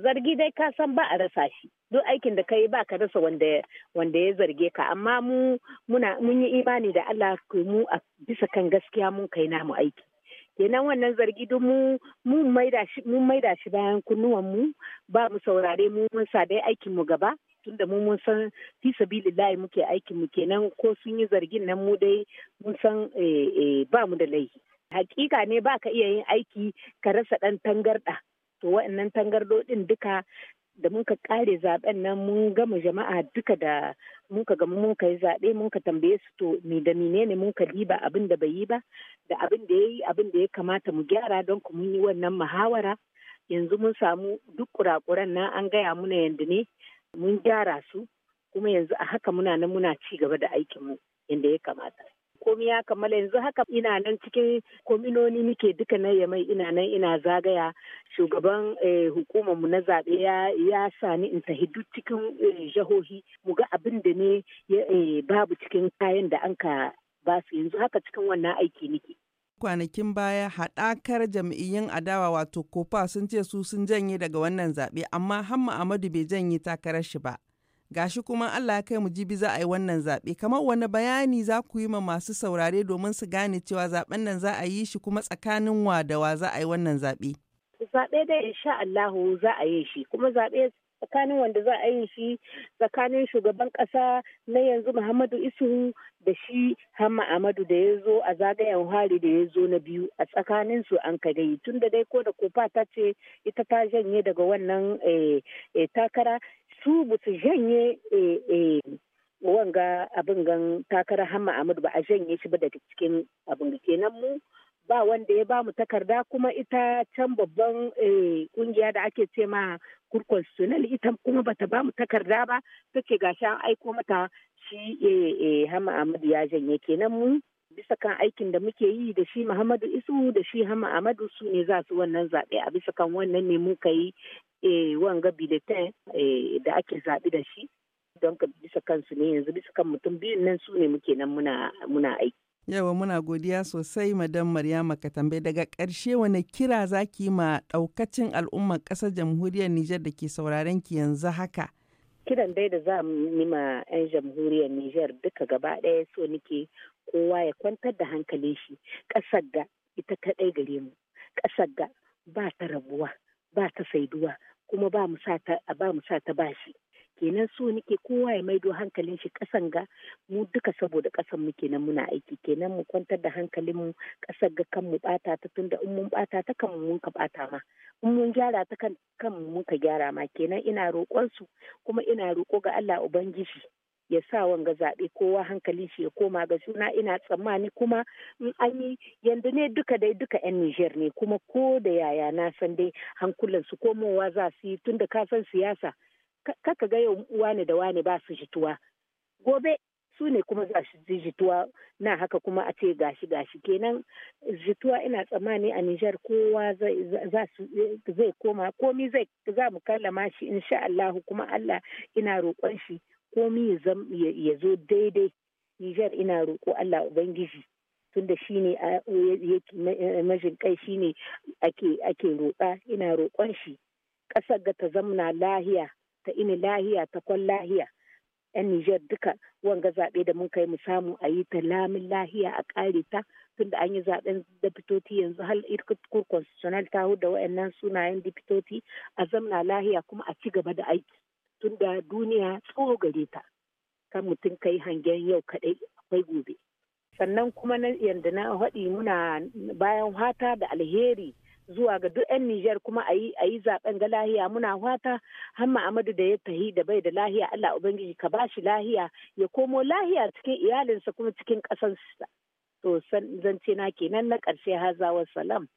zargi dai ka san ba a rasa shi duk aikin da kai ba ka rasa wanda ya zarge ka amma mu muna mun yi imani da Allah mu a bisa kan gaskiya mun kai namu aiki kenan wannan zargi duk mu mun maida shi maida shi bayan kunnuwan mu ba mu saurare mu mun sa dai aikin mu gaba tunda mu mun san fi sabilillahi muke aikin mu kenan ko sun yi zargin nan mu dai mun san eh, eh, ba mu da laifi hakika ne ba ka iya yin aiki ka rasa dan tangarda to wa'annan tangardodin duka da muka kare zaben nan mun gama jama'a duka da muka gama muka yi zaɓe muka tambaye su to me da mine ne muka diba abin da bai yi ba da abin da ya yi abin da ya kamata mu gyara don ku mun yi wannan muhawara yanzu mun samu duk kurakuran nan an gaya muna yanda ne mun gyara su kuma yanzu a haka muna nan muna ci gaba da aikin mu yanda ya kamata. komai ya kammala yanzu haka ina nan cikin kominoni nike duka na yamai ina nan ina zagaya shugaban eh, hukumar mu na zaɓe ya sani in tahi duk cikin eh, jahohi mu ga abin da ne eh, babu cikin kayan da an ka basu yanzu haka cikin wannan aiki nike. kwanakin baya haɗakar jam'iyyun adawa wato kofa sun ce su sun janye daga wannan zaɓe amma hamma amadu bai janye takarar shi ba gashi kuma Allah ya kai mu jibi za a yi wannan zaɓe kamar wani bayani za ku yi ma masu saurare domin su gane cewa zaɓen nan za a yi shi kuma tsakanin wa da wa za a yi wannan zaɓe. Zaɓe dai insha Allahu za a yi shi kuma zaɓe tsakanin wanda za a yi shi tsakanin shugaban ƙasa na yanzu Muhammadu Isu da shi Hamma Ahmadu da ya zo a zagayen hari da ya zo na biyu a tsakanin su an tun da dai ko da kofa ta ce ita ta janye daga wannan eh, eh, takara su ba su janye eh, eh, wanga abin gan takarar hama amadu ba a janye shi ba daga cikin abin da kenan mu ba wanda ya bamu takarda kuma ita can babban eh, kungiya da ake ce ma kurkonstitutional ita kuma bata bamu takarda ba take gashi an aiko mata shi hama amadu ya janye kenan mu bisa kan aikin da muke yi da shi Muhammadu Isu da shi Hama Amadu su ne za su wannan zaɓe a bisa kan wannan ne muka yi e wanga biletin eh, da ake zaɓi da shi don ka bisa kansu ne yanzu bisa kan mutum biyun nan su ne muke nan muna aiki. Yawa muna godiya sosai madam Maryama Katambe daga karshe wani kira za ki yi ma ɗaukacin al'ummar ƙasar jamhuriyar Nijar da ke sauraren ki yanzu haka. Kiran dai da za mu ma 'yan jamhuriyar Nijar duka gaba ɗaya so nike kowa ya kwantar da hankalin shi ƙasar ga ita kaɗai gare mu ƙasar ga ba ta rabuwa ba ta saiduwa kuma ba mu sa ta bashi kenan so nake kowa ya maido hankalin shi kasan ga mu duka saboda kasan mu kenan muna aiki kenan mu kwantar da hankalin mu kasar ga kan mu bata ta tunda in mun bata ta kan mun ka bata ma in mun gyara ta kan kan mun ka gyara ma kenan ina roƙon su kuma ina roƙo ga Allah ubangiji ya sa wanga zaɓe kowa hankali shi ya koma ga suna ina tsammani kuma in an yi yanda ne duka dai duka 'yan Nijar ne kuma ko da yaya na san dai hankulan su komowa za su yi tunda ka san siyasa kaka ga yau wane da wane ba su jituwa gobe su ne kuma za su jituwa na haka kuma a ce gashi gashi kenan jituwa ina tsammani a Nijar kowa zai koma komi zai za mu kallama shi insha Allah kuma Allah ina roƙon shi komi ya zo daidai Nijar ina roƙo Allah Ubangiji tunda shi ne mashin kai shi ne ake roƙa ina roƙon shi ƙasar ga ta zamna lahiya ta ini lahiya ta kwan lahiya yan Nijar duka wanga zaɓe da mun kai mu samu a yi ta lamin lahiya a ƙare ta tunda an yi zaɓen dipitoti yanzu har irkutkul constitutional ta da wa'annan sunayen dipitoti a zamna lahiya kuma a ci gaba da aiki tunda duniya tsoho gare ta kan mutum kai hangen yau kaɗai akwai gobe sannan kuma na yadda na haɗi muna bayan wata da alheri zuwa ga duk 'yan Nijar kuma a yi zaɓen ga lahiya muna wata hamma Amadu da ya tahi da bai da lahiya Allah Ubangiji ka ba shi lahiya ya komo lahiya cikin iyalinsa kuma cikin ƙasansa. To zan ce na kenan na ƙarshe haza salam.